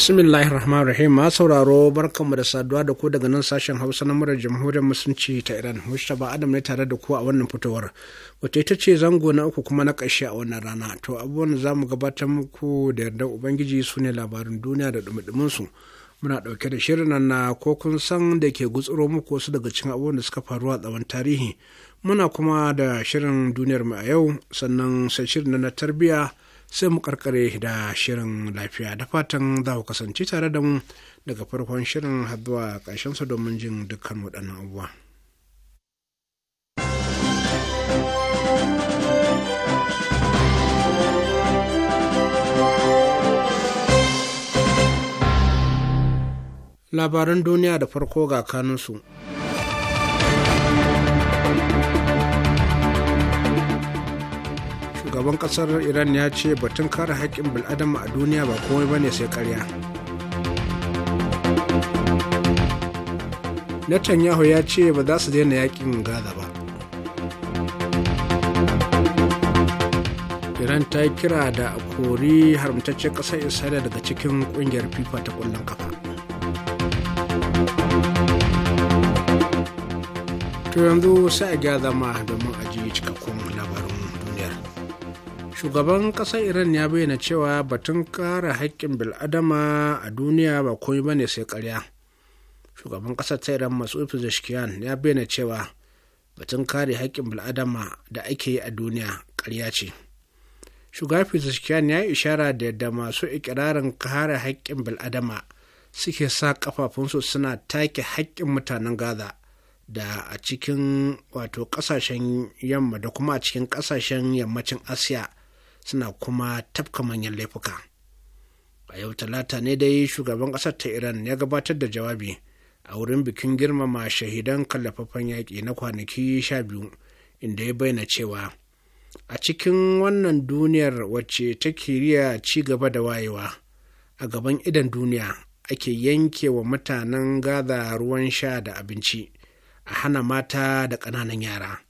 bismillahir rahmanir rahim ma sauraro barkanmu da saduwa da ku daga nan sashen hausa na murar jamhuriyar musulunci ta iran wacce ba adam ne tare da ku a wannan fitowar wata ita ce zango na uku kuma na ƙarshe a wannan rana to abubuwan za mu gabatar muku da yardar ubangiji su ne labarin duniya da dumi su muna ɗauke da shirin nan na ko kun san da ke gutsuro muku wasu daga cikin abubuwan da suka faru a tsawon tarihi muna kuma da shirin duniyar mu a yau sannan sai shirin na tarbiyya sai mu karkare da shirin lafiya da fatan za ku kasance tare da mu daga farkon shirin har zuwa ƙarshensa domin jin dukkan waɗannan abubuwa. Labaran duniya da farko ga kanunsu. shugaban kasar iran ya ce batun kare haƙƙin bil'adama a duniya ba komai ba ne sai karya. netanyahu ya ce ba za su daina yakin gaza ba iran ta yi kira da kori haramtaccen ƙasar isra'ila daga cikin ƙungiyar fifa ta ƙwallon kafa to yanzu sai a gaza zama domin a shugaban ƙasar iran ya bayyana cewa batun kare haƙƙin bil'adama a duniya ba komai ne sai karya shugaban ƙasar ta iran masu pezeshkian ya bayyana cewa batun kare haƙƙin bil'adama da ake yi a duniya karya ce shugaba pezeshkian ya yi ishara da yadda masu ikirarin kare haƙƙin bil'adama suke sa kafafunsu suna take haƙƙin mutanen gaza da a cikin wato ƙasashen yamma da kuma a cikin ƙasashen yammacin asiya suna kuma tafka manyan laifuka a yau talata ne dai shugaban ƙasar ta iran ya gabatar da jawabi a wurin bikin girmama shahidan kallafafan yaƙi na kwanaki sha biyu inda ya bayyana cewa a cikin wannan duniyar wacce ta kiriya ci gaba da wayewa a gaban idan duniya ake yanke wa mutanen gaza ruwan sha da abinci a hana mata da ƙananan yara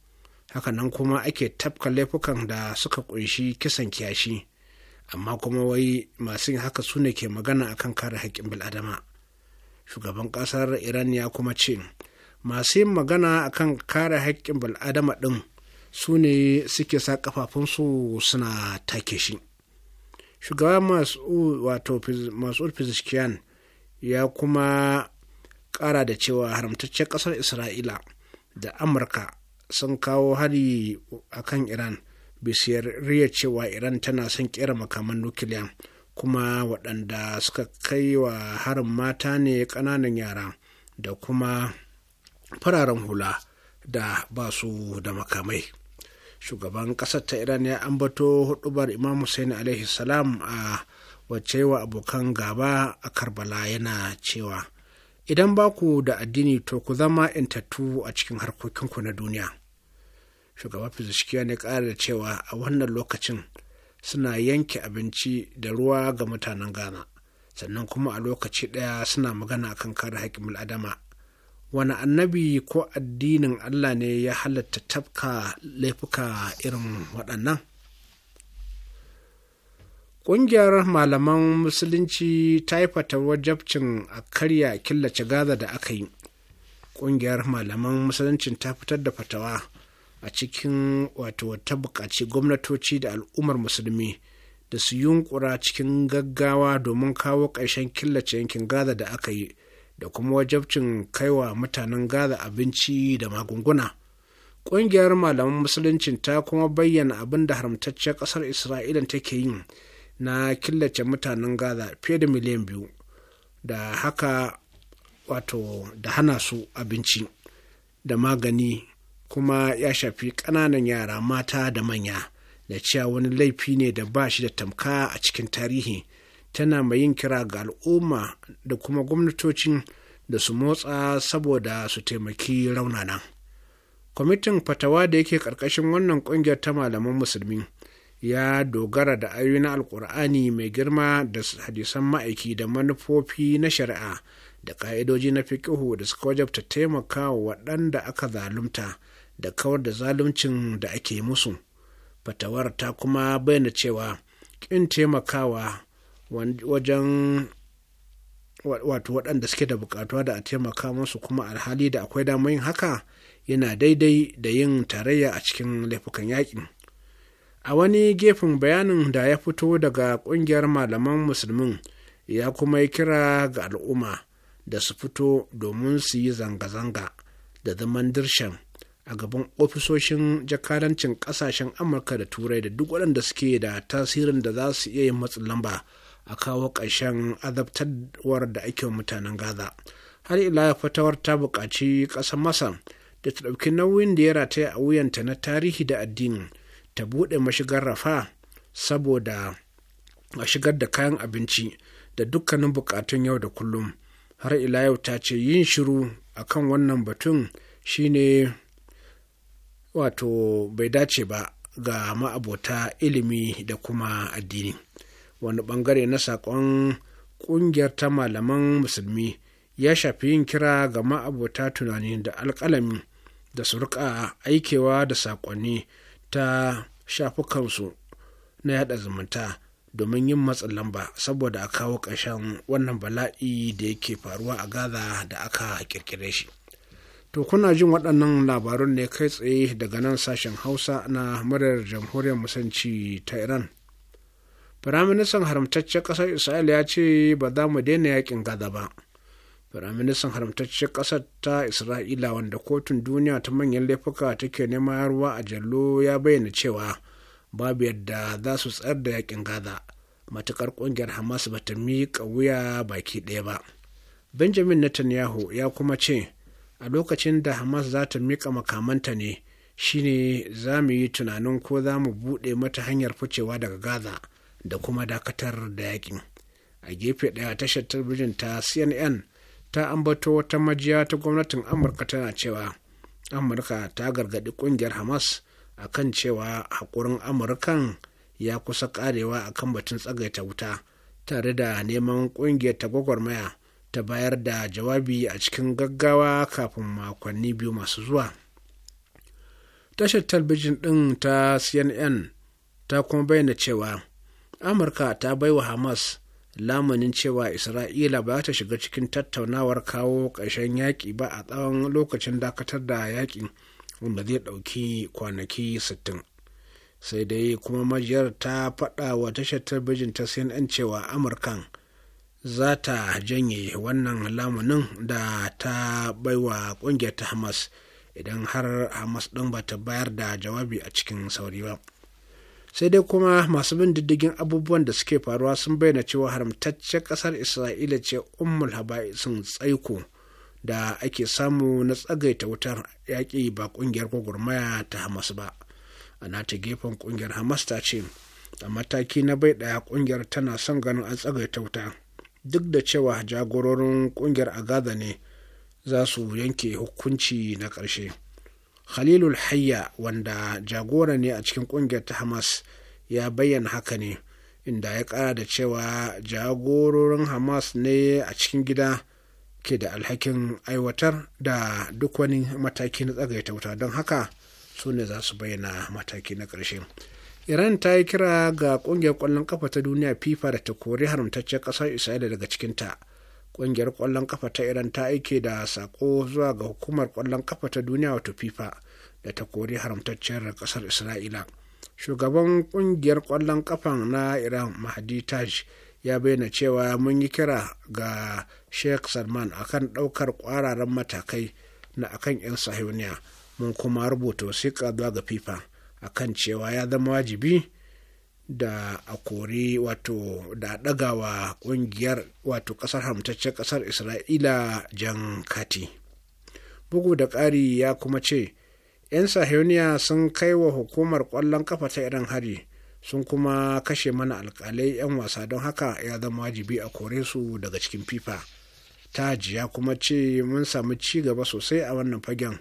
hakanan kuma ake tafka laifukan da suka kunshi kisan kiyashi amma kuma wai masu yin haka su ne ke magana a kan kare haƙƙin bil'adama shugaban ƙasar iran ya kuma ce masu yin magana a kan kare haƙƙin bil'adama ɗin su ne suke sa kafafunsu suna take shi shugaban masu fizishkiyan ya kuma ƙara da cewa haramtaccen ƙasar isra'ila da amurka sun kawo hari a kan iran bisiyar cewa iran tana son kera makaman nukiliya kuma waɗanda suka kai wa harin mata ne ƙananan yara da kuma fararen hula da ba su da makamai shugaban ƙasar ta iran ya ambato hudubar imam hussein alaihi salam a wace wa abokan gaba a karbala yana cewa idan ba ku da addini to ku zama intattu a cikin harkokinku na duniya Shugaban fizikiyar ya ƙara da cewa a wannan lokacin suna yanke abinci da ruwa ga mutanen Ghana sannan kuma a lokaci ɗaya suna magana kan kare haƙƙin bil'adama wani annabi ko addinin Allah ne ya halatta tafka laifuka irin waɗannan Ƙungiyar malaman Musulunci ta yi wajabcin a karya killace Gaza da aka yi. Ƙungiyar malaman Musulunci ta fitar da fatawa a cikin wato wata buƙaci gwamnatoci da al'ummar musulmi da su yunkura cikin gaggawa domin kawo ƙarshen killace yankin gaza da aka yi da kuma wajabcin kaiwa mutanen gaza abinci da magunguna ƙungiyar malaman musuluncin ta kuma bayyana abin da haramtacciyar ƙasar isra'ila take yin na killace mutanen gaza fiye da miliyan biyu da haka wato da hana su abinci da magani kuma ya shafi ƙananan yara mata da manya da cewa wani laifi ne da ba shi da tamka a cikin tarihi tana mai yin kira ga al'umma da kuma gwamnatocin da su motsa saboda su taimaki raunanan. kwamitin fatawa da yake ƙarƙashin wannan ƙungiyar ta malaman musulmi ya dogara da ayoyi na alkur'ani mai girma da hadisan ma'aiki da manufofi na shari'a da ƙa'idoji na fiƙihu da suka wajabta taimaka wa waɗanda aka zalunta da kawar da zaluncin da ake musu fatawar ta kuma bayyana cewa ƙin taimakawa wajen wato waɗanda suke da buƙatuwa da a taimaka musu kuma alhali da akwai damar yin haka yana daidai da yin tarayya a cikin laifukan yaƙi a wani gefen bayanin da ya fito daga ƙungiyar malaman musulmin ya kuma yi kira ga al'umma da su fito domin su yi zanga-zanga da zaman dirshan a gaban ofisoshin jakadancin ƙasashen amurka da turai da duk waɗanda suke da tasirin da za su iya yin matsin lamba a kawo ƙarshen azabtarwar da ake wa mutanen gaza har ila ya fatawar ta buƙaci ƙasar masa da ta ɗauki nauyin da ya rataya a wuyanta na tarihi da addini ta buɗe mashigar rafa saboda a shigar da kayan abinci da dukkanin buƙatun yau da kullum har ila yau ta ce yin shiru akan wannan batun shine wato bai dace ba ga ma'abota ilimi da kuma addini wani bangare na saƙon ƙungiyar ta malaman musulmi ya shafi yin kira ga ma'abota tunani da alƙalami da su rika aikewa da saƙonni ta shafukansu na yada zumunta domin yin matsin lamba saboda a kawo ƙarshen wannan bala'i da yake faruwa a gaza da aka kirkire shi To kuna jin waɗannan labarun ne kai tsaye daga nan sashen Hausa na muryar jamhuriyar musanci ta Iran. Firaministan haramtaccen ƙasar Isra'il ya ce ba za mu daina yakin gaza ba. Firaministan haramtaccen ƙasar ta Isra'ila wanda kotun duniya ta manyan laifuka take neman ruwa a jallo ya bayyana cewa babu yadda za su tsayar da yakin gaza matukar ƙungiyar Hamas ba ta miƙa wuya baki ɗaya ba. Benjamin Netanyahu ya kuma ce a lokacin da hamas za ta mika makamanta ne shine za mu yi tunanin ko za mu buɗe mata hanyar ficewa daga gaza da kuma dakatar da yakin a gefe ɗaya tashar talabijin ta cnn ta ambato wata majiya ta gwamnatin amurka tana cewa amurka ta gargaɗi ƙungiyar hamas a kan cewa haƙurin amurkan ya kusa ƙarewa kan batun tsagaita wuta tare da neman ƙungiyar ta gwagwarmaya ta bayar da jawabi a cikin gaggawa kafin makonni biyu masu zuwa tashar talbijin ɗin ta cnn ta kuma bayyana cewa amurka ta bai wa hamas lamunin cewa isra'ila ba ta shiga cikin tattaunawar kawo ƙarshen yaƙi ba a tsawon lokacin dakatar da yaƙi wanda zai ɗauki kwanaki 60 sai dai kuma majiyar ta faɗa wa tashar talbijin ta cnn cewa amurkan za ta janye wannan lamunin da ta baiwa kungiyar ta hamas idan har hamas ɗin ba ta bayar da jawabi a cikin sauri ba sai dai kuma masu bin diddigin abubuwan da suke faruwa sun bayyana cewa haramtaccen ƙasar isra'ila ce ummul sun tsaiko da ake samu na tsagaita wutar yaƙi ba ƙungiyar gwagwarmaya ta hamas ba a nata gefen ƙungiyar hamas ta ce a mataki na bai ɗaya ƙungiyar tana son ganin an tsagaita wuta duk da cewa jagororin kungiyar agada ne za su yanke hukunci na ƙarshe khalilul hayya wanda jagora ne a cikin kungiyar ta hamas ya bayyana haka ne inda ya ƙara da cewa jagororin hamas ne a cikin gida ke da alhakin aiwatar da duk wani mataki na tsagaita wuta don haka su ne za su bayyana mataki na ƙarshe. iran ta yi kira ga kungiyar kwallon kafa ta duniya fifa da ta kori haramtaccen kasar isra'ila daga cikinta kungiyar kwallon kafa ta iran ta aike da sako zuwa ga hukumar kwallon kafa ta duniya wato fifa da ta kori haramtaccen kasar isra'ila shugaban kungiyar kwallon kafa na iran mahdi taj ya bayyana cewa mun yi kira ga sheikh salman akan daukar ƙwararren matakai na akan 'yan sahiyoniya mun kuma rubuta wasiƙa zuwa ga fifa akan cewa ya zama wajibi da a kori wato da ɗaga wa ƙungiyar wato ƙasar hamtaccen ƙasar isra'ila jan kati bugu da ƙari ya kuma ce 'yan sahiyoniya sun kai wa hukumar ƙwallon kafa ta irin hari sun kuma kashe mana alƙalai 'yan wasa don haka ya zama wajibi a kore su daga cikin fifa taji ya kuma ce mun samu ci gaba sosai a wannan fagen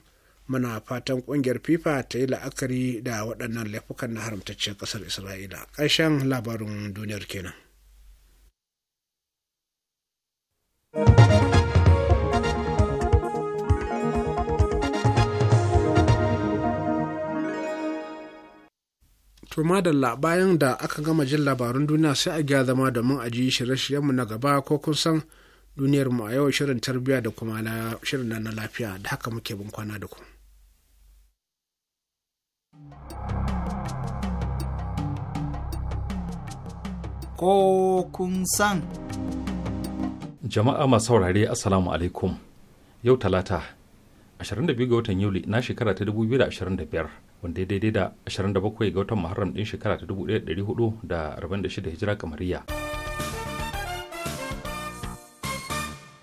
muna fatan kungiyar fifa ta yi la'akari da waɗannan laifukan na haramtacciyar ƙasar isra'ila ƙarshen labarin duniyar kenan tuma da bayan da aka gama jin labarun duniya sai a gya zama domin a ji shirye-shiryenmu na gaba ko kun san duniyarmu a yau shirin tarbiyya da kuma shirin na lafiya da haka muke bin kwana da ku. Ko kun san. Jama'a masu saurare Assalamu alaikum. Yau Talata, 22 ga watan Yuli na shekara ta 2025. wanda daidai da 27 ga watan Muharram din shekara ta 1446 Hijira kamariya.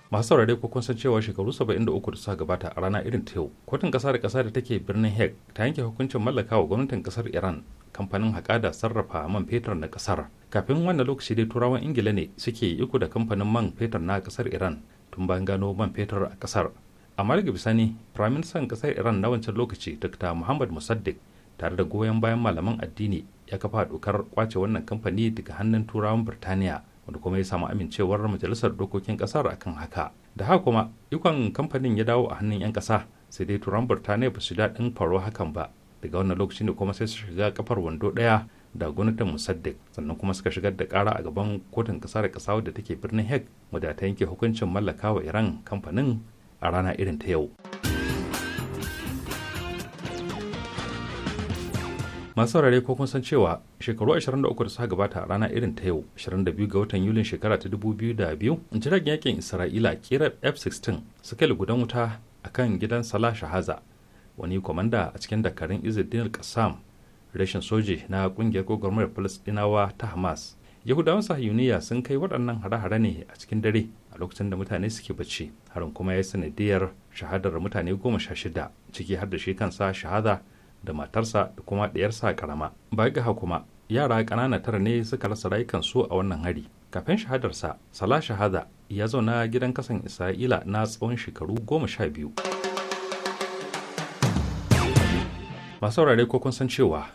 masu saurare ko kun san cewa shekaru 73 da suka gabata a rana irin ta yau kotun kasa da kasa da take birnin hague ta yanke hukuncin mallakawa gwamnatin kasar iran kamfanin haƙa da sarrafa man fetur na kasar kafin wannan lokaci dai turawan ingila ne suke iko da kamfanin man fetur na kasar iran tun bayan gano man fetur a kasar amma daga bisani firaministan kasar iran na wancan lokaci dr muhammad musaddiq tare da goyon bayan malaman addini ya kafa dokar kwace wannan kamfani daga hannun turawan birtaniya wanda kuma ya samu amincewar majalisar dokokin kasar akan haka da haka kuma ikon kamfanin ya dawo a hannun 'yan kasa sai dai turan birtaniya ba su daɗin faro hakan ba daga wannan lokaci ne kuma sai su shiga kafar wando ɗaya da gwamnatin musaddik sannan kuma suka shigar da kara a gaban kotun ƙasa da kasa wadda take birnin hague wadda ta yanke hukuncin mallaka wa iran kamfanin a rana irin ta yau. masu saurare ko kun san cewa shekaru 23 da suka gabata a rana irin ta yau 22 ga watan yulin shekara ta 2002 jiragen yakin isra'ila kirar f-16 suka gudan wuta a kan gidan salah shahaza wani kwamanda a cikin dakarun al-Qassam rashin soji na kungiyar gwagwarmayar palestinawa ta hamas yahudawan sahiyuniya sun kai waɗannan hare-hare ne a cikin dare a lokacin da mutane suke bacci harin kuma ya yi sanadiyar shahadar mutane goma sha shida ciki har da shi kansa shahada da matarsa da kuma ɗiyarsa karama baya ga kuma yara ƙanana tara ne suka rasa rayukansu a wannan hari kafin shahadarsa sala shahada ya zauna gidan kasan isra'ila na tsawon shekaru goma sha biyu masu saurare ko kun san cewa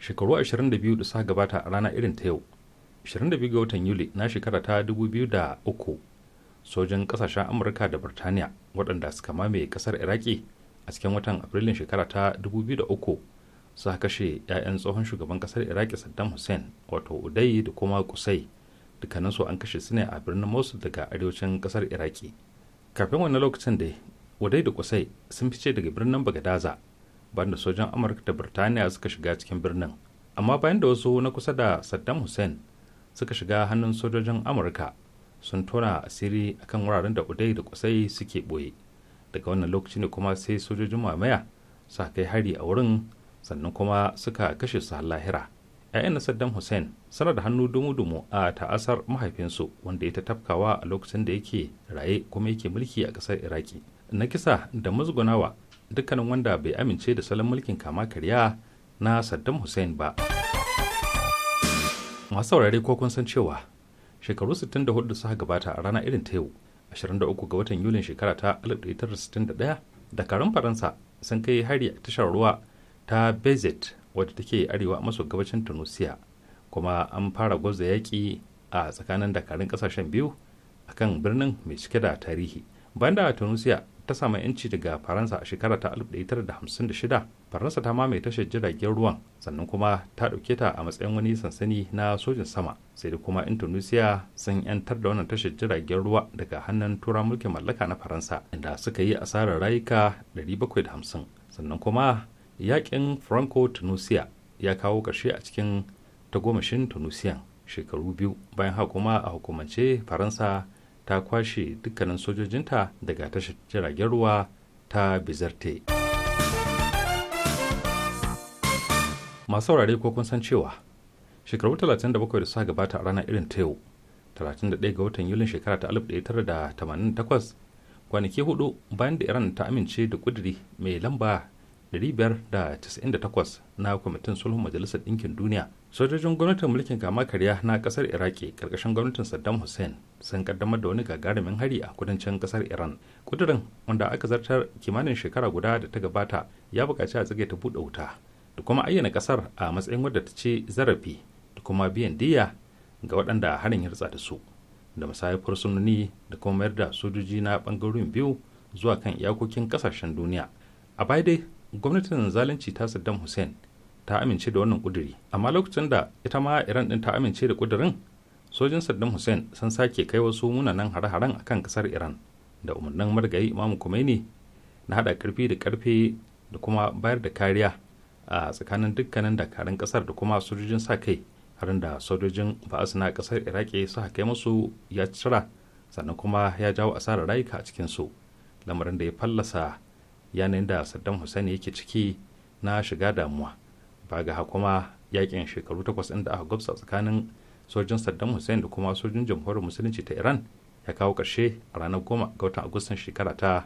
shekaru 22 da suka gabata a rana irin ta yau 22 ga watan yuli na shekara ta 2003 sojin kasashen amurka da birtaniya waɗanda suka mamaye kasar iraki a cikin watan afrilun shekara ta 2003 suka kashe 'ya'yan tsohon shugaban kasar iraki saddam hussein wato udai da kuma kusai dukkaninsu an kashe su ne a birnin mosul daga arewacin kasar iraki kafin wannan lokacin da udai da kusai sun fice daga birnin bagadaza banda sojan amurka da birtaniya suka shiga cikin birnin amma bayan da wasu na kusa da saddam hussein suka shiga hannun sojojin amurka sun tona asiri akan wuraren da udai da kusai suke boye daga wannan lokaci ne kuma sai sojojin mamaya suka kai hari a wurin sannan kuma suka kashe su lahira ‘ya'yan na saddam hussein sanar da hannu dumu-dumu a ta'asar mahaifinsu wanda ya ta tafkawa a lokacin da yake raye kuma yake mulki a ƙasar iraki na kisa da musgunawa dukkanin wanda bai amince da salon mulkin kama karya na saddam hussein ba masu saurari ko kun san cewa shekaru 64 suka gabata a rana irin ta yau 23 ga watan yulin shekara ta 1961 dakarun faransa sun kai hari a tashar ruwa ta bezet wadda take arewa maso gabacin tunisia kuma an fara gwaza yaƙi a tsakanin dakarun ƙasashen biyu a kan birnin mai cike da tarihi banda tunisia ta samu 'yanci daga faransa a shekara ta 1956 faransa ta mamaye tashar jiragen ruwan sannan kuma ta ɗauke ta a matsayin wani sansani na sojin sama sai da kuma indonesia sun yantar da wannan tashar jiragen ruwa daga hannun tura mulkin mallaka na faransa inda suka yi asarar rayuka 750 sannan kuma yakin franco tunisia ya kawo ƙarshe a cikin tagomashin tunisian shekaru biyu bayan haka kuma a hukumance faransa ta kwashe dukkanin sojojinta daga tashar jiragen ruwa ta bizarte. masu saurare ko kun san cewa shekaru 37 da suka gabata a rana irin ta yau 31 ga watan yulin shekara ta 1988 kwanaki hudu bayan da iran ta amince da kuduri mai lamba 598 na kwamitin sulhun majalisar ɗinkin duniya sojojin gwamnatin mulkin kama karya na kasar iraki karkashin gwamnatin saddam hussein sun kaddamar da wani gagarumin hari a kudancin kasar iran kudurin wanda aka zartar kimanin shekara guda da ta gabata ya buƙaci a tsage ta buɗe wuta da kuma ayyana kasar a matsayin wadda ta ce zarafi da kuma biyan diya ga waɗanda harin ya da su da musayar fursunoni da kuma mayar da sojoji na bangarorin biyu zuwa kan iyakokin ƙasashen duniya a baya dai gwamnatin zalunci ta saddam hussein ta amince da wannan kuduri amma lokacin da ita ma iran din ta amince da kudurin sojin saddam hussein sun sake kai wasu munanan hare-haren akan kasar iran da umarnin margayi imam ne na hada karfi da karfe da kuma bayar da kariya a tsakanin dukkanin dakarun kasar da kuma sojojin sa kai harin da sojojin ba'as na kasar iraki suka kai musu ya cira sannan kuma ya jawo asarar rayuka a cikin su lamarin da ya fallasa yanayin da saddam hussein yake ciki na shiga damuwa ba ga kuma yakin shekaru takwas inda aka gwabsa tsakanin sojin saddam hussein da kuma sojin jamhuriyar musulunci ta iran ya kawo karshe a ranar goma ga watan agustan shekara ta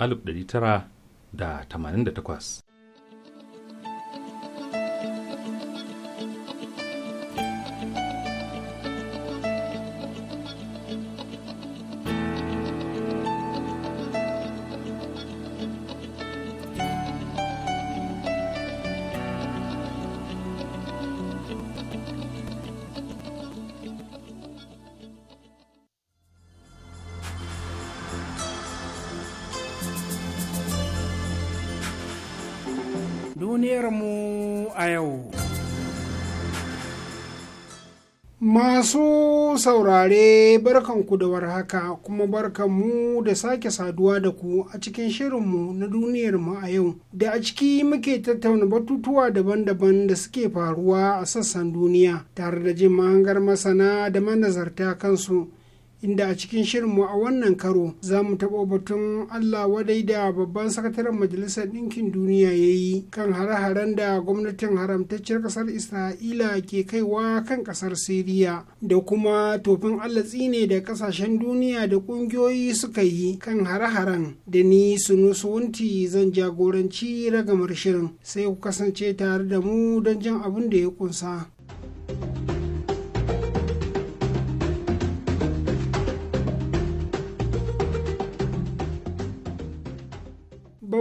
1988 masu saurare barkanku da warhaka kuma mu da sake saduwa da ku a cikin shirinmu na duniyar mu a yau da a ciki muke tattauna batutuwa daban-daban da suke faruwa a sassan duniya tare da jin mahangar masana da manazarta kansu inda a cikin shirinmu a wannan karo za mu taɓo batun Allah wadai da babban sakataren majalisar ɗinkin duniya ya yi kan hare-haren da gwamnatin haramtacciyar ƙasar Isra'ila ke kaiwa kan ƙasar Siriya da kuma tofin Allah tsine da ƙasashen duniya da ƙungiyoyi suka yi kan hare-haren da ni wunti zan jagoranci ragamar shirin sai ku kasance tare da mu don jin abin da ya ƙunsa.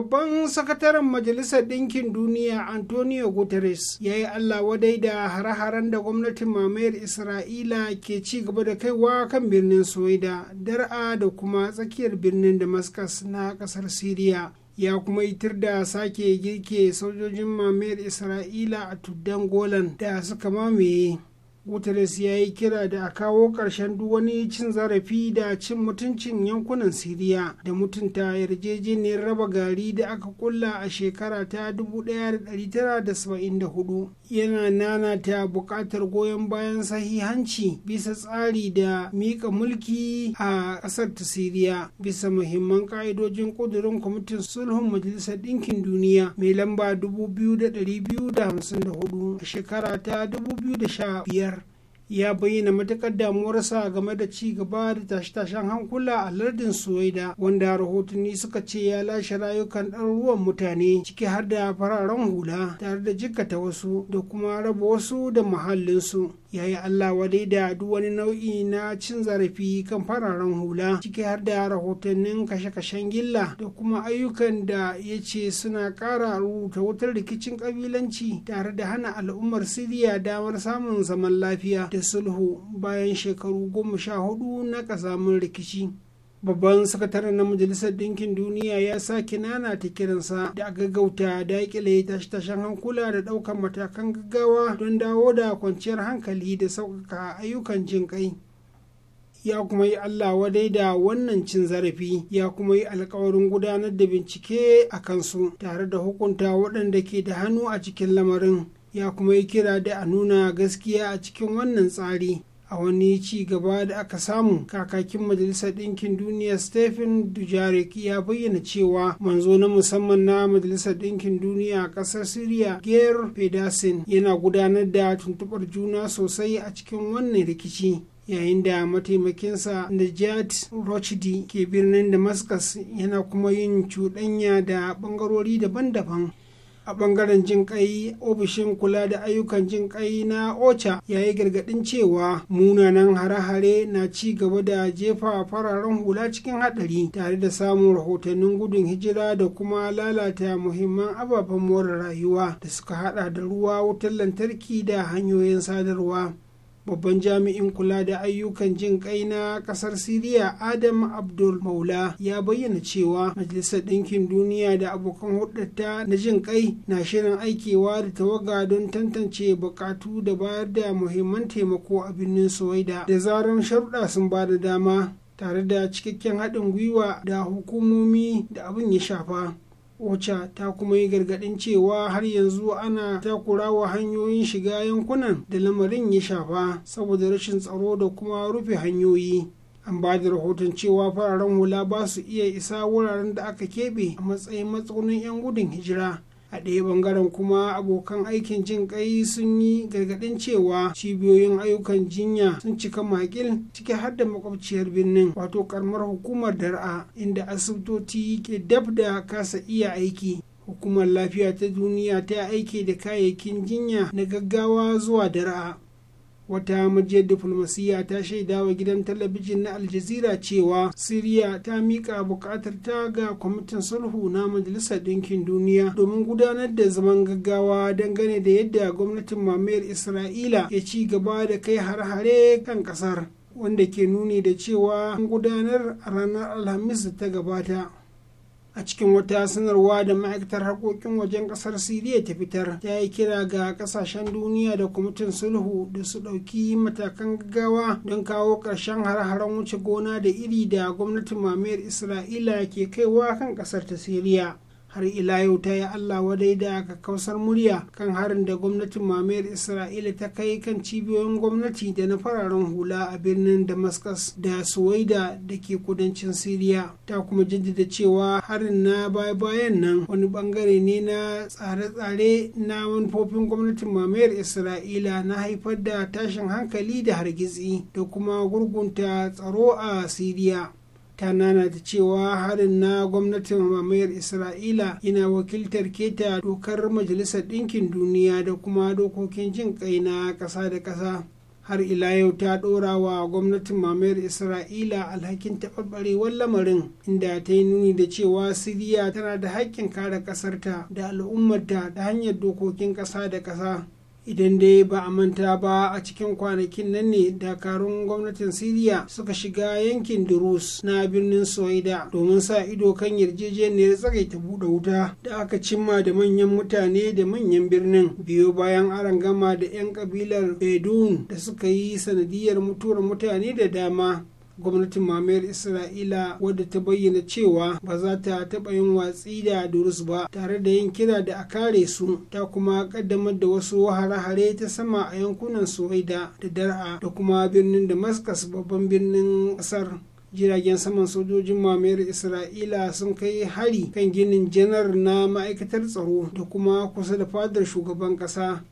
babban sakataren majalisar Dinkin duniya antonio guterres ya yi allah wadai da hare-haren da gwamnatin mamayar isra'ila ke ci gaba da kaiwa kan birnin soida dar'a da kuma tsakiyar birnin damascus na ƙasar siriya ya kuma yitar da sake girke sojojin mamayar isra'ila a tuddan golan da suka mamaye guterres ya yi kira da a kawo ƙarshen duk wani cin zarafi da cin mutuncin yankunan siriya da mutunta yarjejeniyar raba gari da aka kulla a shekara ta 1974 yana nana ta buƙatar goyon bayan sahihanci bisa tsari da miƙa mulki a ƙasar ta siriya bisa muhimman Ka'idojin ƙudurin kwamitin sulhun majalisar ɗinkin duniya mai lamba 2254 a shekara ta 2015 ya bayyana matuƙar damuwarsa game da ci gaba da tashe-tashen hankula a lardin Suwaida, wanda rahotanni suka ce ya lashe rayukan ɗaruruwan mutane ciki har da fararen hula tare da jikkata wasu da kuma raba wasu da muhallinsu ya yi Allah wadai da duk wani nau'i na cin zarafi kan fararen hula ciki har da rahotannin kashe-kashen gilla da kuma ayyukan da ya ce suna ƙara rubuta wutar rikicin ƙabilanci tare da hana al'ummar siriya damar samun zaman lafiya da sulhu bayan shekaru goma sha hudu na ƙazamin rikici babban sakataren na majalisar ɗinkin duniya ya sake nana ta kiransa da a gaggauta daƙile tashe-tashen hankula da ɗaukar matakan gaggawa don dawo da kwanciyar hankali da sauƙaƙa ayyukan jin kai ya kuma yi Allah wadai da wannan cin zarafi ya kuma yi alkawarin gudanar da bincike a kansu tare da hukunta waɗanda ke da hannu a cikin lamarin ya kuma yi kira da a nuna gaskiya a cikin wannan tsari a wani ci gaba da aka samu kakakin majalisar ɗinkin duniya stephen dujarik ya bayyana cewa manzo na musamman na majalisar ɗinkin duniya a ƙasar siriya ger pedersen yana gudanar da tuntuɓar juna sosai a cikin wannan rikici yayin da mataimakinsa Najat Rochdi ke birnin Damascus yana kuma yin cuɗanya da ɓangarori daban-daban a bangaren jin kai ofishin kula da ayyukan jin kai na ocha ya yi gargadin cewa munanan hare-hare na ci gaba da jefa fararen hula cikin hadari tare da samun rahotannin gudun hijira da kuma lalata muhimman ababen more rayuwa da suka hada da ruwa wutar lantarki da hanyoyin sadarwa babban jami'in kula da ayyukan jin kai na kasar siriya adam abdul maula ya bayyana cewa majalisar ɗinkin duniya da abokan hudata na jin kai na shirin aikewa da tawaga don tantance bukatu da bayar da muhimman taimako a birnin suwaida da zaran sharuɗa sun ba da dama tare da cikakken haɗin gwiwa da hukumomi da abin ya shafa Ocha ta kuma yi gargaɗin cewa har yanzu ana takurawa hanyoyin shiga yankunan da lamarin ya shafa saboda rashin tsaro da kuma rufe hanyoyi an ba da rahoton cewa fararen hula ba su iya isa wuraren da aka keɓe a matsayin matsaunin 'yan gudun hijira a ɗaya bangaren kuma abokan aikin jin ƙai sun yi gargaɗin cewa cibiyoyin ayyukan jinya sun cika makil ciki har da makwabciyar birnin wato karamar hukumar dar'a inda asibitoci ke dab da kasa iya aiki hukumar lafiya ta duniya ta aiki da kayayyakin jinya na gaggawa zuwa dar'a wata majiyar diflomasiyya ta shaida wa gidan talabijin na aljazira cewa siriya ta miƙa buƙatar ta ga kwamitin sulhu na majalisar ɗinkin duniya domin gudanar da zaman gaggawa dangane da yadda gwamnatin mamayar isra'ila ya ci gaba da kai har-hare kan ƙasar wanda ke nuni da cewa gudanar a ranar alhamis da ta gabata a cikin wata sanarwa da ma'aikatar harkokin wajen kasar siriya ta fitar ta yi kira ga kasashen duniya da kwamitin sulhu da su ɗauki matakan gaggawa don kawo ƙarshen har haren wuce gona da iri da gwamnatin mamayar isra'ila ke kaiwa kan ƙasar ta siriya har ila yau ta yi allah wadai da kausar murya kan harin da gwamnatin mamayar isra'ila ta kai kan cibiyoyin gwamnati da na fararen hula a birnin damascus da suwaida da ke kudancin siriya ta kuma jaddada cewa harin na baya-bayan nan wani bangare ne na tsare-tsare na manufofin gwamnatin mamayar isra'ila na haifar da tashin hankali da hargitsi da kuma gurgunta tsaro a siriya ta nana da cewa harin na gwamnatin mamayar isra'ila yana wakiltar keta dokar majalisar ɗinkin duniya da kuma dokokin jin kai na ƙasa da ƙasa har ila yau ta ɗora wa gwamnatin mamayar isra'ila alhakin taɓarɓarewar lamarin inda ta yi nuni da cewa siriya tana da haƙƙin kare ƙasarta da al'ummarta ta hanyar dokokin ƙasa da ƙasa idan dai ba a manta ba a cikin kwanakin nan ne dakarun gwamnatin siriya suka shiga yankin durus na birnin soida domin sa ido kan yarjejeniyar ta buɗe wuta da aka cimma da manyan mutane da manyan birnin biyo bayan gama da 'yan kabilar bedouin da suka yi sanadiyar mutuwar mutane da dama gwamnatin mamayar isra'ila wadda ta bayyana cewa ba za ta taɓa yin watsi da durus ba tare da yin kira da a kare su ta kuma kaddamar da wasu hare-hare ta sama a yankunan suwaida da dar'a da kuma birnin damascus babban birnin ƙasar jiragen saman sojojin mamayar isra'ila sun kai hari kan ginin janar na ma'aikatar tsaro da kuma kusa da fadar shugaban ƙasa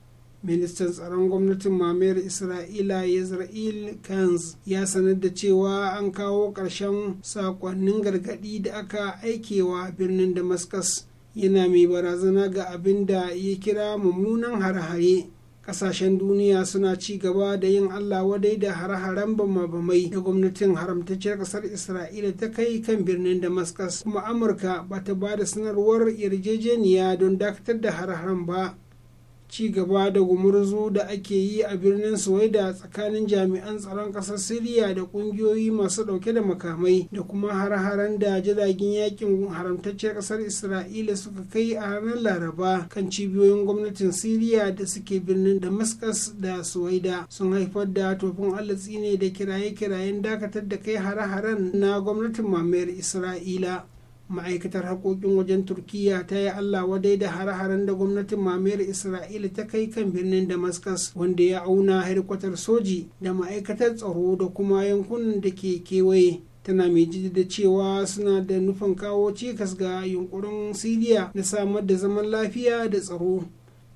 ministan tsaron gwamnatin mamayar isra'ila yisra'il kanz ya sanar da cewa an kawo ƙarshen sakonnin gargaɗi da aka aikewa birnin damascus yana mai barazana ga abin da ya kira mummunan hare-hare kasashen duniya suna ci gaba da yin allah wadai da hare bama-bamai da gwamnatin haramtacciyar Ƙasar isra'ila ta kai kan birnin damascus kuma amurka ba ta ba da sanarwar yarjejeniya don dakatar da hare ba ci gaba da gumurzu da ake yi a birnin suwaida tsakanin jami'an tsaron ƙasar siriya da ƙungiyoyi masu ɗauke da makamai da kuma har-haren da jiragen yakin haramtacciyar ƙasar isra'ila suka kai a ranar laraba kan cibiyoyin gwamnatin siriya da suke birnin damascus da suwaida sun haifar da tofin alatsi ne da kiraye-kirayen dakatar da kai har-haren na gwamnatin mamayar isra'ila ma'aikatar haƙoƙin wajen turkiya ta yi allah wadai da hare-haren da gwamnatin mamayar isra'ila ta kai kan birnin damascus wanda ya auna harkwatar soji da ma'aikatar tsaro da kuma yankunan da ke kewaye tana mai da cewa suna da nufin kawo cikas ga yunkurin siriya na samar da zaman lafiya da tsaro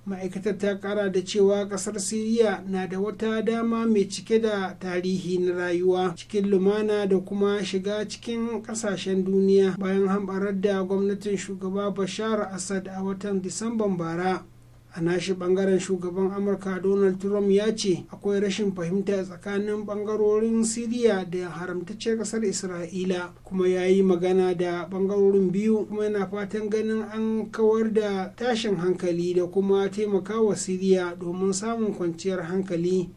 ma'aikatar ta kara da cewa kasar siriya na da wata dama mai cike da tarihi na rayuwa cikin lumana da kuma shiga cikin kasashen duniya bayan hambarar da gwamnatin shugaba bashar assad a watan disamban bara a nashi bangaren shugaban amurka donald trump ya ce akwai rashin fahimta tsakanin bangarorin siriya da haramtacciyar kasar isra'ila kuma ya yi magana da bangarorin biyu kuma yana fatan ganin an kawar da tashin hankali da kuma taimakawa siriya domin samun kwanciyar hankali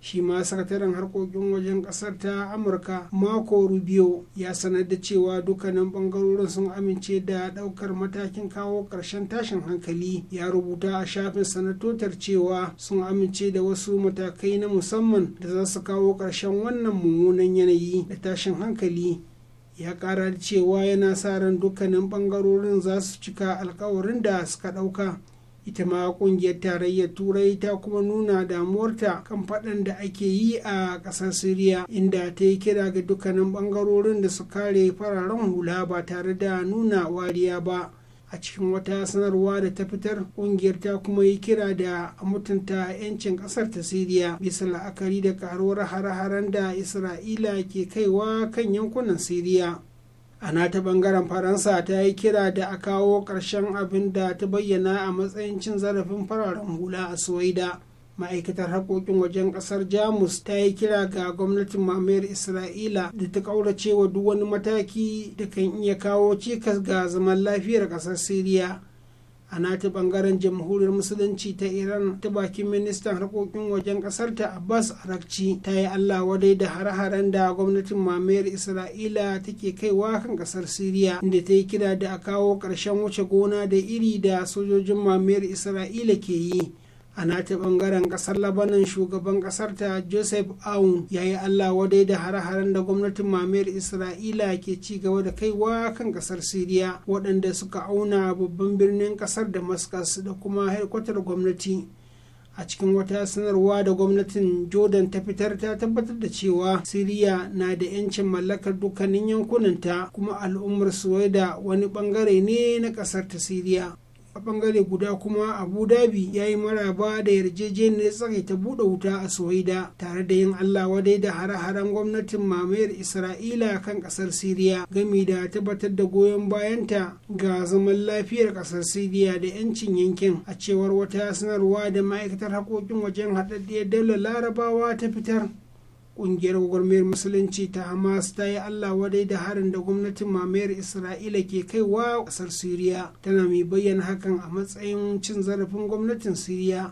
shi ma sakataren harkokin wajen kasar ta amurka mako rubio ya sanar da cewa dukkanin bangarorin sun amince da daukar matakin kawo karshen tashin hankali ya rubuta a shafin sanatotar cewa sun amince da wasu matakai na musamman da za su kawo karshen wannan mummunan yanayi da tashin hankali ya kara cewa yana sa ran dukkanin bangarorin za su cika alkawarin da suka dauka ita ma kungiyar tarayyar turai ta kuma nuna damuwarta kan faɗan da ake yi a ƙasar siriya inda ta yi kira ga dukkanin ɓangarorin da su kare fararen hula ba tare da nuna wariya ba a cikin wata sanarwa da ta fitar kungiyar ta kuma yi kira da mutunta 'yancin ƙasar ta siriya bisa la'akari da karuwar hare-haren da isra'ila ke kaiwa kan yankunan siriya a nata bangaren faransa ta yi kira da a kawo ƙarshen abin da ta bayyana a matsayin cin zarafin fararen hula a suwaida ma'aikatar haƙoƙin wajen ƙasar jamus ta yi kira ga gwamnatin mamayar isra'ila da ta ƙauracewa duk wani mataki da kan iya kawo cikas ga zaman lafiyar ƙasar siriya a nata bangaren jamhuriyar musulunci ta iran ta bakin ministan harkokin wajen ta abbas arakci ta yi allah wadai da hare-haren da gwamnatin mamayar isra'ila take kaiwa kan kasar siriya inda ta yi kira da a kawo ƙarshen wuce gona da iri da sojojin mamayar isra'ila ke yi a nata bangaren kasar labanin shugaban kasar ta joseph aun ya yi allah wadai da hare-haren da gwamnatin mamayar isra'ila ke ci gaba da kaiwa kan kasar siriya waɗanda suka auna babban birnin kasar damascus da kuma haikwatar gwamnati a cikin wata sanarwa da gwamnatin jordan ta fitar ta tabbatar da cewa siriya na da 'yancin mallakar dukkanin yankunanta kuma al'ummar suwaida wani bangare ne na kasar ta siriya a bangare guda kuma abu dhabi ya yi maraba da yarjejeniyar ta buɗe wuta a soyida tare da yin allah wadai da hare-haren gwamnatin mamayar isra'ila kan ƙasar siriya gami da tabbatar da goyon bayanta ga zaman lafiyar ƙasar siriya da 'yancin yankin a cewar wata sanarwa da ma'aikatar haƙoƙin wajen haɗaɗɗiyar daular larabawa ta fitar kungiyar gwagwarmayar musulunci ta hamas ta yi allah wadai da harin da gwamnatin mamayar isra'ila ke kaiwa kasar siriya tana mai bayyana hakan a matsayin cin zarafin gwamnatin siriya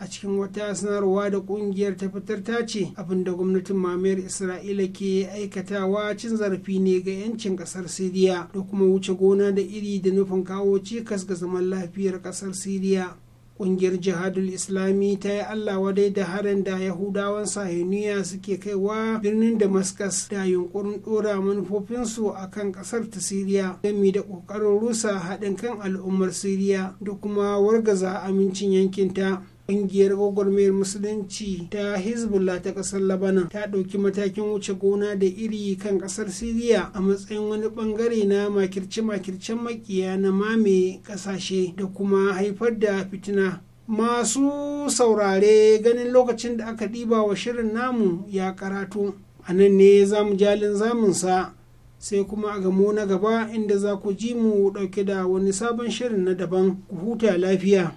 a cikin wata sanarwa da kungiyar ta fitar ta ce abinda gwamnatin mamayar isra'ila ke aikatawa cin zarafi ne ga 'yancin kasar siriya da kuma wuce gona da iri da nufin kawo cikas ga zaman lafiyar kasar siriya kungiyar jihadul islami ta yi allah wadai da harin da yahudawan sahiniya suke kaiwa birnin damascus da yunkurin dora manufofinsu a kan kasar ta siriya gami da kokarin rusa haɗin kan al'ummar siriya da kuma wargaza amincin yankinta Ƙungiyar gwagwarmayar musulunci ta Hezbollah ta ƙasar Labanan ta ɗauki matakin wuce gona da iri kan ƙasar Siriya a matsayin wani ɓangare na makirce-makircen makiya na mame ƙasashe da kuma haifar da fitina. Masu saurare ganin lokacin da aka ɗiba wa shirin namu ya karatu. A nan ne za mu jalin zamunsa sai kuma a gamo na gaba inda za ku ji mu ɗauke da wani sabon shirin na daban ku huta lafiya.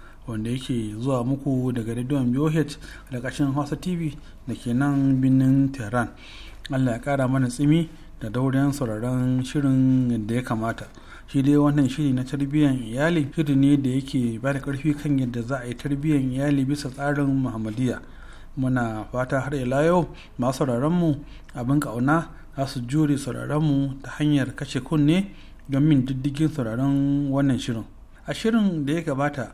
wanda yake zuwa muku daga rediyon BOH da kashin Hausa TV da ke nan birnin Tehran. Allah ya kara mana tsimi da daurin sauraron shirin da ya kamata. Shi dai wannan shiri na tarbiyyar iyali shiri ne da yake ba da karfi kan yadda za a yi tarbiyyar iyali bisa tsarin Muhammadiyya. muna fata har ila yau masu mu abin kauna za su jure mu ta hanyar kashe kunne don min diddigin sauraron wannan shirin a shirin da ya gabata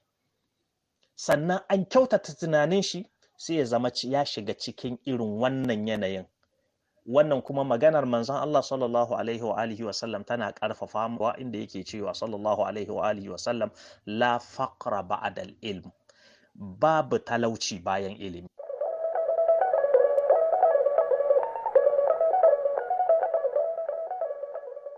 sannan an kyautata tunanin shi sai ya zama ya shiga cikin irin wannan yanayin wannan kuma maganar manzon Allah sallallahu alaihi wa alihi wa sallam tana karfafa wa inda yake cewa sallallahu alaihi wa alihi wa sallam la faqra ba'da ilm babu talauci bayan ilimi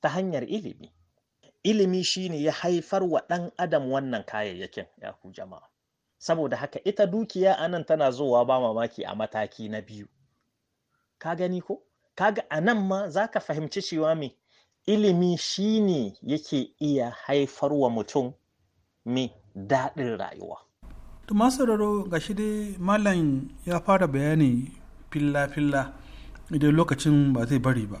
ta hanyar ilimi ilimi shi ne ya haifar wa ɗan adam wannan kayayyakin ya ku jama'a saboda haka ita dukiya a nan tana zuwa ba mamaki a mataki na biyu ka gani ko kaga a nan ma za ka fahimci cewa me ilimi shi ne yake iya haifar wa mutum me daɗin rayuwa to sauraro ga shi dai malam ya fara bayani filla-filla idan lokacin ba zai bari ba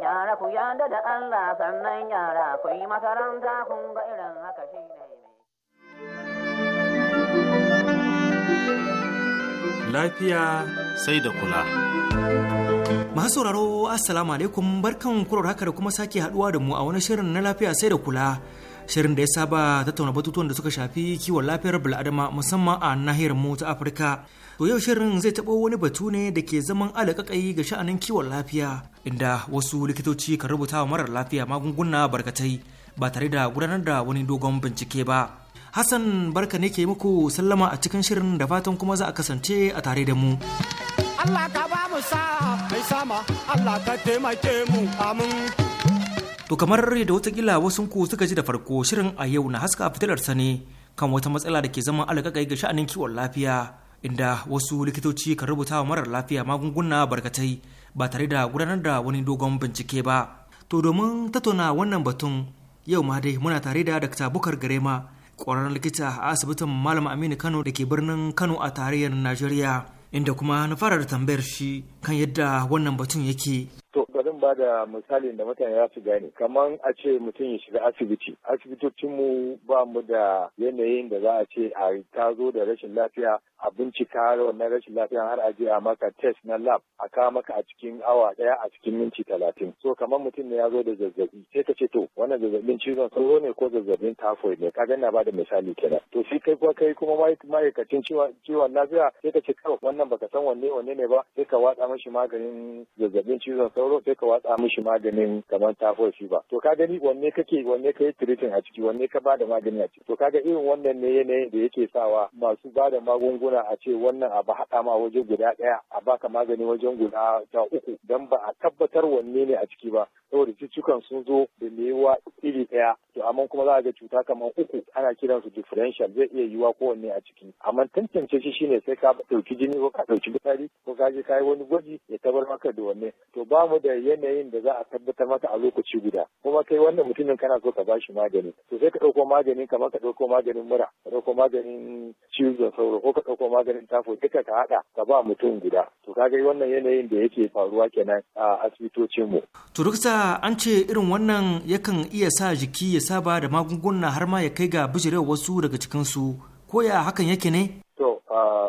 yara ku yada da Allah sannan yara ku yi makaranta kun ga irin haka shi ne. Lafiya sai da kula. Masu sauraro Assalamu alaikum barkan kurar haka da kuma sake haduwa da mu a wani shirin na lafiya sai da kula. shirin da ya saba tattauna batutuwan da suka shafi kiwon lafiyar bil'adama musamman a nahiyar mu ta afirka to yau shirin zai taɓo wani batu ne da ke zaman alaƙaƙai ga sha'anin kiwon lafiya inda wasu likitoci kan rubuta wa marar lafiya magunguna barkatai ba tare da gudanar da wani dogon bincike ba hassan barka ne ke muku sallama a cikin shirin da fatan kuma za a kasance a tare da mu Allah ka ba mu sa mai sama Allah ka taimake mu amin To kamar da watakila wasu ku suka ji da farko shirin a yau na haska fitilar sani kan wata matsala da ke zama alkakai ga sha'anin kiwon lafiya inda wasu likitoci kan rubuta wa marar lafiya magunguna barkatai ba tare da gudanar da wani dogon bincike ba. To domin tattauna wannan batun yau ma dai muna tare da Dr. Bukar Garema ƙwararren likita a asibitin Malam Aminu Kano da ke birnin Kano a tarayyar Najeriya inda kuma na fara da tambayar shi kan yadda wannan batun yake. ba da misalin da mutane za su gane kamar a ce mutum ya shiga asibiti asibitocinmu ba mu da yanayin da za a ce a ta zo da rashin lafiya a bincika har wannan rashin lafiya har a je a maka test na lab a kawo maka a cikin awa daya a cikin minti talatin so kamar mutum ne ya zo da zazzabi sai ka ce to wannan zazzabin cizon sauro ne ko zazzabin typhoid ne kaga na da misali kenan to shi kai kuma kai kuma ma'aikacin ciwon lafiya sai ka ce kawai wannan baka san wanne wanne ne ba sai ka watsa mashi maganin zazzabin cizon sauro sai ka watsa mishi maganin kamar shi ba. to ka gani wanne kake wanne kai treating a ciki wanne ka bada magani a ciki to kaga irin wannan ne yanayin da yake sawa masu bada magunguna a ce wannan abu haɗa ma waje guda ɗaya a baka magani wajen guda ta uku dan ba a tabbatar wanne ne a ciki ba saboda cikin sun zo da mewa iri ɗaya to amma kuma za a ga cuta kamar uku ana kiran su differential zai iya yiwa ko kowanne a ciki amma tantance shi shine sai ka dauki jini ko ka ɗauki fitsari ko ka je ka yi wani gwaji ya tabar maka da wanne to ba mu da yanayin da za a tabbatar maka a lokaci guda kuma kai wannan mutumin kana so ka ba shi magani to sai ka ɗauko maganin kamar ka ɗauko maganin mura ka ɗauko maganin cizon sauro ko ka dauko maganin tafo duka ka haɗa ka ba mutum guda to kaga wannan yanayin da yake faruwa kenan a asibitocin mu. to an ce irin wannan yakan iya sa jiki ya saba da magunguna har ma ya kai ga bijirewa wasu daga cikinsu ko ya hakan yake ne? To, ah,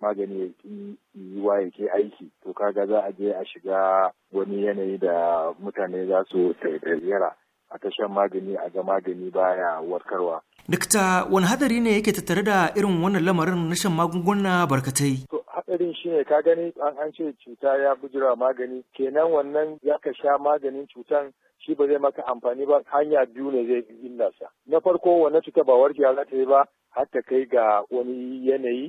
magani ya ki yiwa ya ke aiki to kaga za a je a shiga wani yanayi da mutane za su tsayayyara a tashan magani a ga magani baya warkarwa. Dikta wani hadari ne yake tattare da irin wannan lamarin na shan magunguna barkatai? To hadarin shi ne ka gani an an ce cuta ya bujira magani kenan wannan ya ka sha maganin cutan shi ba zai maka amfani ba hanya biyu ne zai illa sa. Na farko wannan cuta ba warke za ta ba har ta kai ga wani yanayi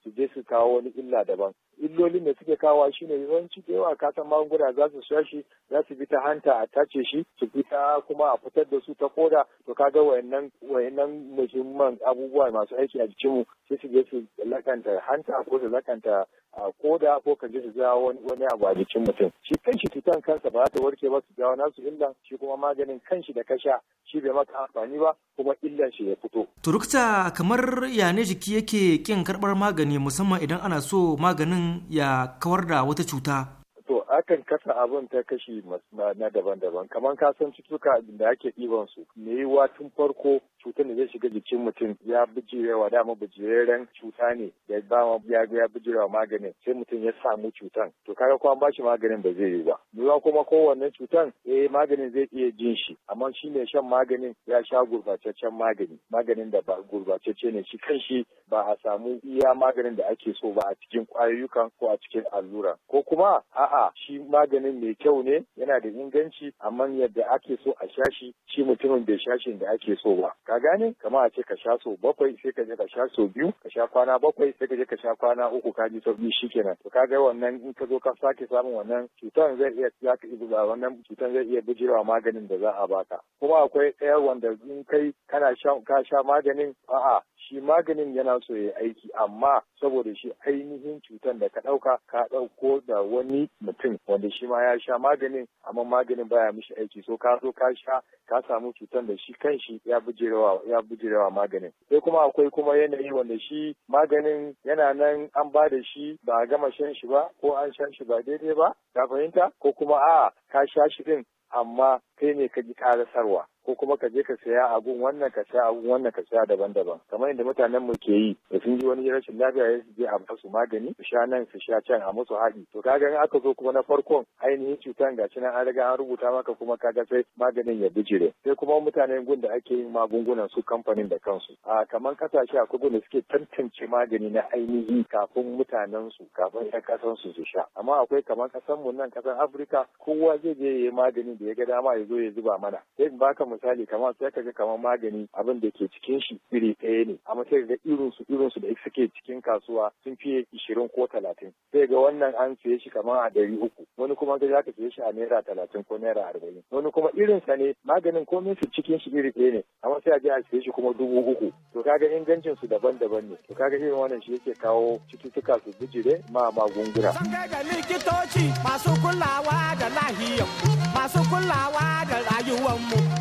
su je su kawo wani illa daban illolin da suke kawo shi shine yawanci da yawa kasan magunguna za su sha shi za su bi ta hanta a tace shi su bi ta kuma a fitar da su ta koda to kaga wayannan wayannan muhimman abubuwa masu aiki a jikinmu sai su je su lakanta hanta ko su lakanta a koda ko ka ji su jawo wani abu a jikin mutum shi kanshi cutan kansa ba za ta warke ba su jawo nasu illa shi kuma maganin kanshi da kasha shi bai maka amfani ba kuma illan shi ya fito. turukta kamar yane jiki yake kin karbar magani ne musamman idan ana so maganin ya kawar da wata cuta to akan kasa abin ta kashi na daban-daban kamar kasan cutuka da ake ɗiban su me yi tun farko cutar da zai shiga jikin mutum ya bijirewa dama bijireren cuta ne da ba ya ya bijirewa maganin sai mutum ya samu cutan to kaga ko an ba shi maganin ba zai yi ba yiwuwa kuma kowanne cutan eh maganin zai iya jin shi amma shi ne shan maganin ya sha gurbataccen magani maganin da ba gurbatacce ne shi shi ba a samu iya maganin da ake so ba a cikin kwayoyukan ko a cikin allura ko kuma a'a shi maganin mai kyau ne yana da inganci amma yadda ake so a sha shi shi mutumin bai sha shi da ake so ba ka gane kama a ce ka sha sau bakwai sai ka je ka sha sau biyu ka sha kwana bakwai sai ka je ka sha kwana uku ka ji sau sauki shikenan to ka ga wannan in ka zo ka sake samun wannan cutan zai iya ya ka iya wannan cutan zai iya bijirewa maganin da za a baka kuma akwai ɗaya wanda in kai kana sha ka sha maganin a'a shi maganin yana so ya aiki amma saboda shi ainihin cutar da ka ɗauka ka ɗauko da wani mutum wanda shi ma ya sha maganin amma maganin baya mishi aiki so ka zo ka sha ka samu cutar da shi kanshi ya bujirewa ya bujirewa maganin sai kuma akwai kuma yanayi wanda shi maganin yana nan an ba da shi ba a gama shan shi ba ko an sha shi ba daidai ba ka fahimta ko kuma a'a ka sha shi din amma kai ne ka ji karasarwa ko kuma ka je ka saya abun wannan ka saya abun wannan ka saya daban-daban kamar yadda mutanen mu ke yi da sun ji wani rashin lafiya ya su je a basu magani su sha nan su sha can a musu haɗi to kaga in aka zo kuma na farkon ainihin cutan gashi nan an riga an rubuta maka kuma kaga sai maganin ya bijire sai kuma mutanen gun da ake yin magungunan su kamfanin da kansu a kamar kasashe akwai gun da suke tantance magani na ainihi kafin mutanen su kafin ƴan kasan su su sha amma akwai kamar kasan mu nan kasan Afirka kowa zai je ya yi maganin da ya ga dama ya zo ya zuba mana sai in baka misali kamar sai ka ga kamar magani abin da ke cikin shi iri ɗaya ne amma sai ga irin su irin su da suke cikin kasuwa sun fiye ishirin ko talatin sai ga wannan an siye shi kamar a ɗari uku wani kuma ga zaka siye shi a naira talatin ko naira arba'in wani kuma irin sa ne maganin komai su cikin shi iri ɗaya ne amma sai a je a siye shi kuma dubu uku to kaga ingancin su daban-daban ne to kaga irin wannan shi yake kawo cututtuka su bijire ma magunguna. Sun ga likitoci masu kulawa da lahiyar masu kulawa kula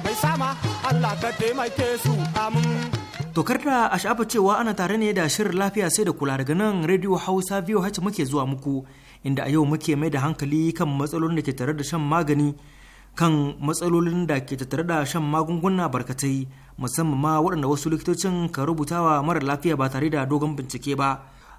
da sama Tokar da a sha'afa cewa ana tare ne da shirin lafiya sai da kula daga nan Radio Hausa biyu VOH muke zuwa muku inda a yau muke mai da hankali kan matsalolin da ke tare da shan magani kan matsalolin da ke tattare da shan magunguna barkatai musamman ma waɗanda wasu likitocin ka rubutawa mara lafiya ba tare da dogon bincike ba.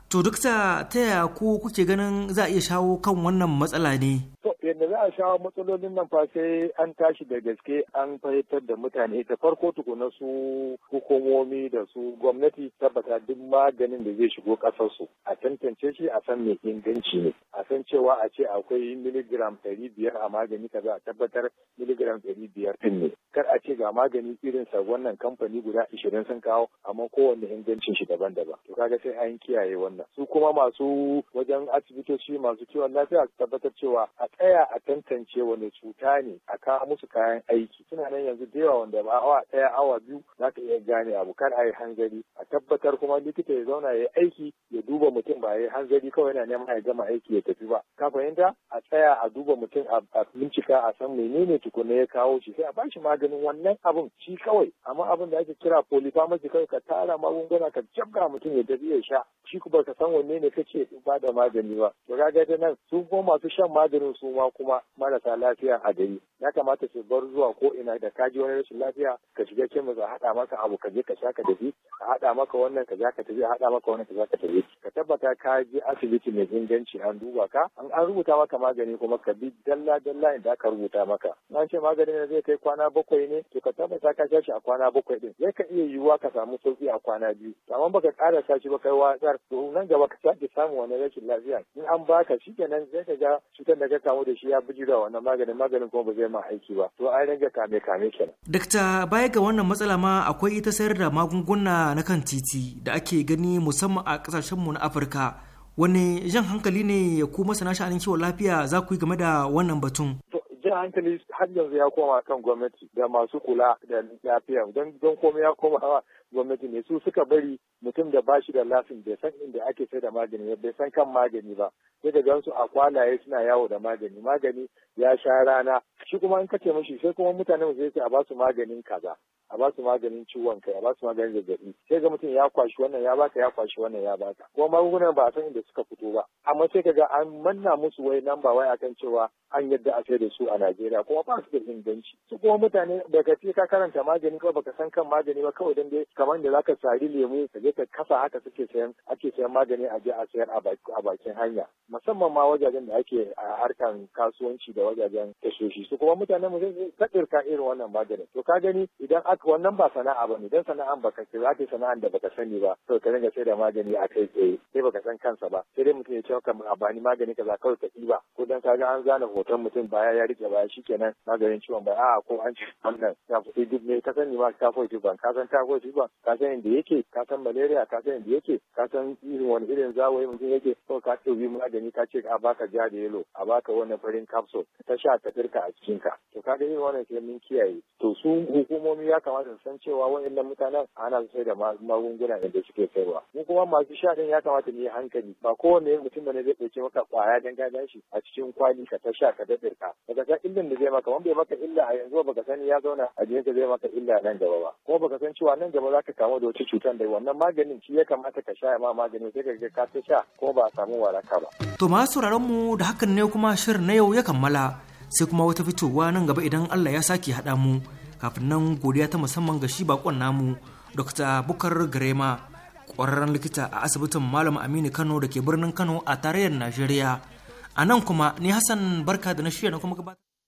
To duk ta yaya ku kuke ganin za a iya shawo kan wannan matsala ne? To yadda za a shawo matsalolin nan fa sai an tashi da gaske an fahimtar da mutane ta farko tukuna su hukumomi da su gwamnati tabbata duk maganin da zai shigo ƙasarsu a tantance shi a san mai inganci ne a san cewa a ce akwai miligram ɗari biyar a magani za a tabbatar miligram ɗari biyar ɗin ne kar a ce ga magani irin sa wannan kamfani guda ishirin sun kawo amma kowanne ingancin shi daban-daban to kaga sai an kiyaye wannan su kuma masu wajen asibitoci masu kiwon lafiya su tabbatar cewa a tsaya a tantance wani cuta ne a kawo musu kayan aiki suna nan yanzu da yawa wanda ba awa ɗaya awa biyu za ka iya gane abu kar a yi hanzari a tabbatar kuma likita ya zauna ya yi aiki ya duba mutum ba ya yi hanzari kawai yana neman ya gama aiki ya tafi ba ka fahimta a tsaya a duba mutum a bincika a san menene tukuna ya kawo shi sai a bashi maganin wannan abun shi kawai amma abin da ake kira polypharmacy kawai ka tara magunguna ka jabga mutum ya tafi ya sha shi ku ka san wanne ne kace ba da magani ba to kaga nan su ko masu shan maganin su ma kuma marasa lafiya a gari ya kamata su bar zuwa ko ina da kaji wani rashin lafiya ka shiga mu a haɗa maka abu ka je ka sha ka tafi a haɗa maka wannan ka za ka tafi a haɗa maka wannan ka za ka tafi ka tabbata ka je asibiti mai inganci an duba ka an an rubuta maka magani kuma ka bi dalla dalla inda aka rubuta maka an ce maganin ne zai kai kwana bakwai ne to ka tabbata ka sha shi a kwana bakwai din zai ka iya yiwuwa ka samu sauki a kwana biyu amma baka ƙara sa shi ba kai watsar to nan gaba ka sake samu wani rashin lafiya in an baka shi kenan zai ka ga cutar da ka samu da shi ya bijira wannan maganin maganin kuma ba zai ma aiki ba to ai ranga kame kame kenan dakta baya ga wannan matsala ma akwai ita sayar da magunguna na kan titi da ake gani musamman a kasashen mu na Afirka wani jan hankali ne ku masana sha'anin kiwon lafiya za ku yi game da wannan batun jan hankali har yanzu ya koma kan gwamnati da masu kula da lafiya don don komai ya koma gwamnati ne su suka bari mutum da bashi da lafin bai san inda ake sai da magani bai san kan magani ba sai ka gansu a kwalaye suna yawo da magani magani ya sha rana shi kuma in kace mishi sai kuma mutane mu sai a ba su maganin kaza a ba su maganin ciwon kai a ba su maganin zazzabi sai ga mutum ya kwashi wannan ya baka ya kwashi wannan ya baka kuma magungunan ba a san inda suka fito ba amma sai ga an manna musu wai nan ba wai akan cewa an yadda a da su a Najeriya kuma ba su da inganci su kuma mutane daga ce ka karanta magani kuma baka san kan magani ba kawai dan dai kamar da zaka sari lemu ka je ka kasa haka suke sayan ake sayan magani a je a sayar a bakin hanya musamman ma wajajen da ake a harkan kasuwanci da wajajen tashoshi su kuma mutanen mu sai kadirka irin wannan maganin to ka gani idan aka wannan ba sana'a bane idan sana'an baka ce kira ka sana'an da baka sani ba to ka dinga sai da magani a kai tsaye sai baka san kansa ba sai dai mutum ya ce kamar a bani magani kaza kawai ka ɗiba ko dan ka ga an zana hoton mutum baya ya rike baya shikenan maganin ciwon baya a'a ko an ci wannan ya fi duk ne ka sani ma typhoid ban ka san typhoid ban ka san inda yake ka san malaria ka san inda yake ka san irin wani irin zawayi mutum yake ko ka ɗauki magani gani ka ce a baka ja da yelo a baka wani farin capsule ta sha ka firka a cikin ka to ka ga irin wannan sai mun kiyaye to su hukumomi ya kamata san cewa waannan mutanen ana sai da magunguna da suke kaiwa mu kuma masu sha din ya kamata mu yi hankali ba kowane mutum ne zai ɗauke maka kwaya dan gadan shi a cikin kwali ka ta sha ka da firka daga san illan da zai maka wanda bai maka illa a yanzu baka sani ya zauna a jikin ka zai maka illa nan gaba ba kuma baka san cewa nan gaba zaka kamu da wata cutar da wannan maganin shi ya kamata ka sha ma maganin sai ka ga ka ta sha ko ba a samu waraka ba. To masu mu da hakan ne kuma shirin na yau ya kammala sai kuma wata fitowa nan gaba idan Allah ya sake haɗa mu kafin nan godiya ta musamman ga shi bakon namu Dr. Bukar Garema ƙwararren likita a asibitin Malam Aminu Kano da ke birnin Kano a tarayyar Najeriya. A nan kuma ni Hassan Barka da na shirya na kuma gabata.